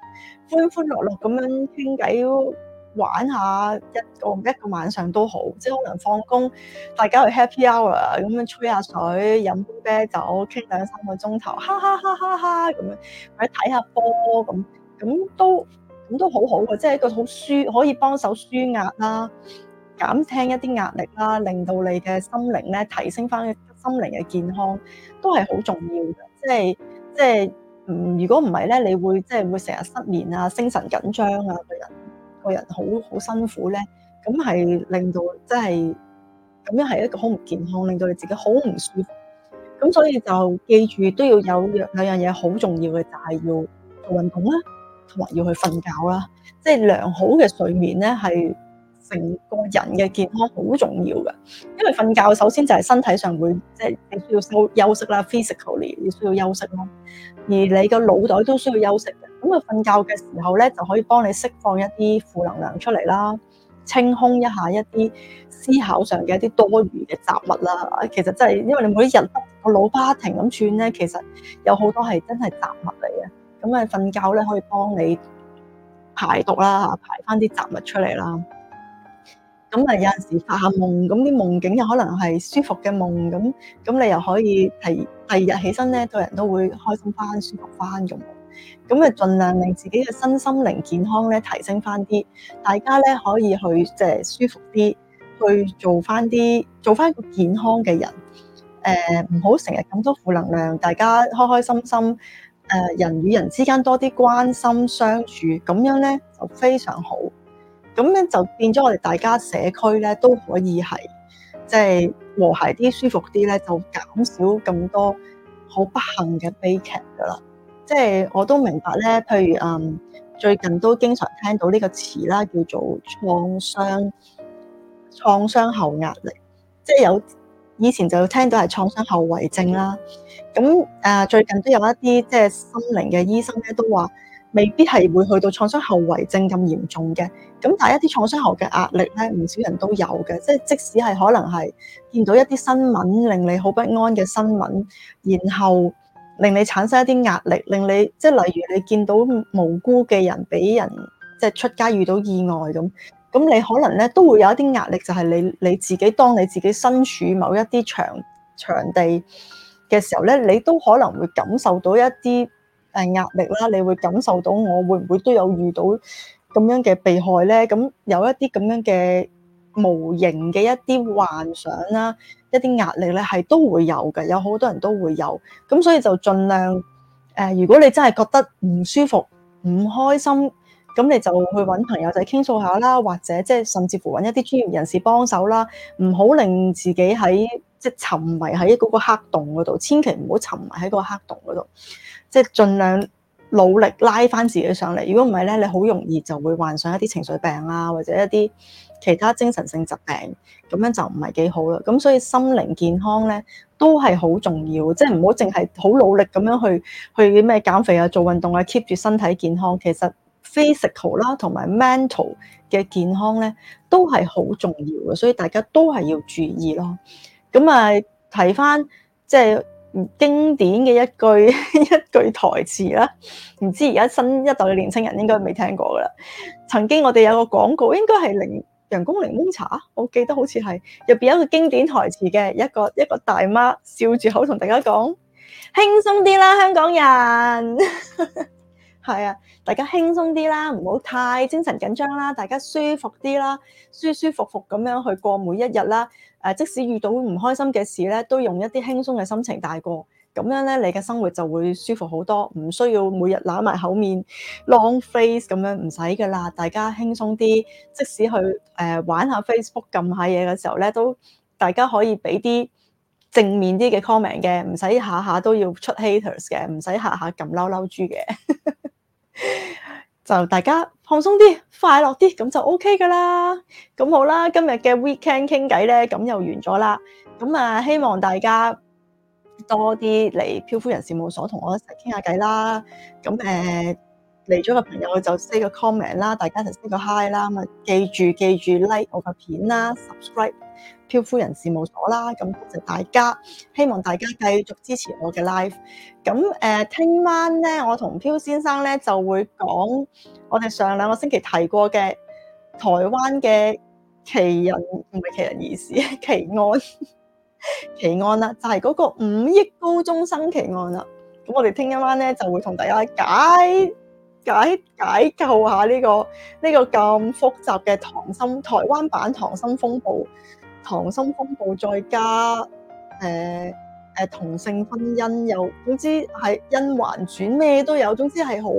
歡歡樂樂咁樣傾偈玩下一個一個晚上都好。即可能放工，大家去 Happy Hour 咁樣吹下水，飲杯啤酒，傾兩三個鐘頭，哈哈哈哈！哈哈，咁樣或者睇下波波咁，咁都咁都好好嘅，即係一個好舒，可以幫手舒壓啦。減輕一啲壓力啦，令到你嘅心靈咧提升翻你心靈嘅健康，都係好重要嘅。即係即係，嗯、就是，如果唔係咧，你會即係、就是、會成日失眠啊，精神緊張啊，個人個人好好辛苦咧。咁係令到即係咁樣係一個好唔健康，令到你自己好唔舒服。咁所以就記住都要有兩兩樣嘢好重要嘅，就係要做運動啦，同埋要去瞓覺啦。即係良好嘅睡眠咧，係。成個人嘅健康好重要嘅，因為瞓覺首先就係身體上會即係你需要休休息啦，physically 你需要休息咯。而你個腦袋都需要休息嘅，咁啊瞓覺嘅時候咧就可以幫你釋放一啲負能量出嚟啦，清空一下一啲思考上嘅一啲多餘嘅雜物啦。其實真係因為你每一日個腦不停咁轉咧，其實有好多係真係雜物嚟嘅。咁啊瞓覺咧可以幫你排毒啦，嚇排翻啲雜物出嚟啦。咁、嗯、啊，有陣時發下夢，咁啲夢境又可能係舒服嘅夢，咁咁你又可以係第二日起身咧，個人都會開心翻、舒服翻咁。咁啊，盡量令自己嘅身心靈健康咧提升翻啲，大家咧可以去即係、就是、舒服啲，去做翻啲，做翻一個健康嘅人。誒、呃，唔好成日咁多負能量，大家開開心心。誒、呃，人與人之間多啲關心相處，咁樣咧就非常好。咁咧就變咗我哋大家社區咧都可以係即係和諧啲、舒服啲咧，就減少咁多好不幸嘅悲劇噶啦。即係我都明白咧，譬如嗯最近都經常聽到呢個詞啦，叫做創傷、創傷後壓力，即係有以前就聽到係創傷後遺症啦。咁誒最近都有一啲即係心靈嘅醫生咧都話。未必係會去到創傷後遺症咁嚴重嘅，咁但係一啲創傷後嘅壓力咧，唔少人都有嘅，即係即使係可能係見到一啲新聞令你好不安嘅新聞，然後令你產生一啲壓力，令你即係例如你見到無辜嘅人俾人即係出街遇到意外咁，咁你可能咧都會有一啲壓力就係，就係你你自己當你自己身處某一啲場場地嘅時候咧，你都可能會感受到一啲。誒壓力啦，你會感受到我會唔會都有遇到咁樣嘅被害咧？咁有一啲咁樣嘅無形嘅一啲幻想啦，一啲壓力咧係都會有嘅，有好多人都會有。咁所以就盡量誒、呃，如果你真係覺得唔舒服、唔開心，咁你就去搵朋友仔傾訴下啦，或者即係甚至乎搵一啲專業人士幫手啦。唔好令自己喺即係沉迷喺嗰個黑洞嗰度，千祈唔好沉迷喺嗰個黑洞嗰度。即係盡量努力拉翻自己上嚟。如果唔係咧，你好容易就會患上一啲情緒病啊，或者一啲其他精神性疾病，咁樣就唔係幾好啦。咁所以心靈健康咧都係好重要，即係唔好淨係好努力咁樣去去咩減肥啊、做運動啊、keep 住身體健康。其實 physical 啦同埋 mental 嘅健康咧都係好重要嘅，所以大家都係要注意咯。咁啊提翻即係，就是經典嘅一句一句台詞啦，唔知而家新一代嘅年輕人應該未聽過噶啦。曾經我哋有個廣告，應該係零人工檸檬茶，我記得好似係入邊有一個經典台詞嘅一個一個大媽笑住口同大家講：輕鬆啲啦，香港人，係 啊，大家輕鬆啲啦，唔好太精神緊張啦，大家舒服啲啦，舒舒服服咁樣去過每一日啦。誒，即使遇到唔開心嘅事咧，都用一啲輕鬆嘅心情帶過咁樣咧，你嘅生活就會舒服好多，唔需要每日攬埋口面 long face 咁樣，唔使㗎喇。大家輕鬆啲，即使去誒玩下 Facebook，撳下嘢嘅時候咧，都大家可以俾啲正面啲嘅 comment 嘅，唔使下下都要出 haters 嘅，唔使下下撳嬲嬲豬嘅。呵呵。就大家放鬆啲，快樂啲，咁就 OK 噶啦。咁好啦，今日嘅 weekend 傾偈咧，咁又完咗啦。咁啊，希望大家多啲嚟漂夫人事務所同我一齊傾下偈啦。咁誒、啊，嚟咗嘅朋友就 say 個 comment 啦，大家就寫個 hi 啦。咁啊，記住記住 like 我嘅片啦，subscribe。漂夫人事務所啦，咁多謝，謝大家，希望大家繼續支持我嘅 live。咁誒，聽、呃、晚咧，我同漂先生咧就會講我哋上兩個星期提過嘅台灣嘅奇人，唔係奇人異事，奇案奇案啦，就係、是、嗰個五億高中生奇案啦。咁我哋聽一晚咧就會同大家解解解構下呢、這個呢、這個咁複雜嘅溏心台灣版溏心風暴。溏心風暴再加誒誒、呃呃、同性婚姻，又總之係甄嬛傳，咩都有，總之係好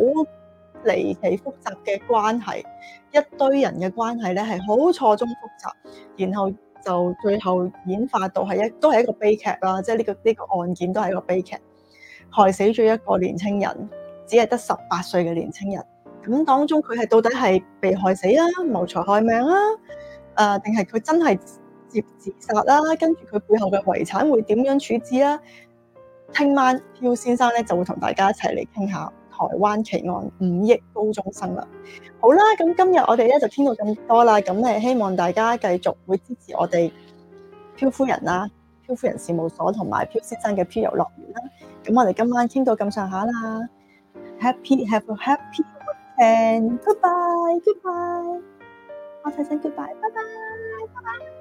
離奇複雜嘅關係，一堆人嘅關係咧係好錯綜複雜，然後就最後演化到係一都係一個悲劇啦，即係呢個呢、呢個案件都係一個悲劇，害死咗一個年青人，只係得十八歲嘅年青人。咁當中佢係到底係被害死啦、啊，謀財害命啊？誒、呃，定係佢真係？接自殺啦，跟住佢背後嘅遺產會點樣處置啊？聽晚漂先生咧就會同大家一齊嚟傾下台灣奇案五億高中生啦。好啦，咁今日我哋咧就傾到咁多啦，咁誒希望大家繼續會支持我哋漂夫人啦，漂夫人事務所同埋漂先生嘅漂遊樂園啦。咁我哋今晚傾到咁上下啦，Happy，Have，Happy，And，Goodbye，Goodbye，我哋先 Goodbye，拜拜，拜拜。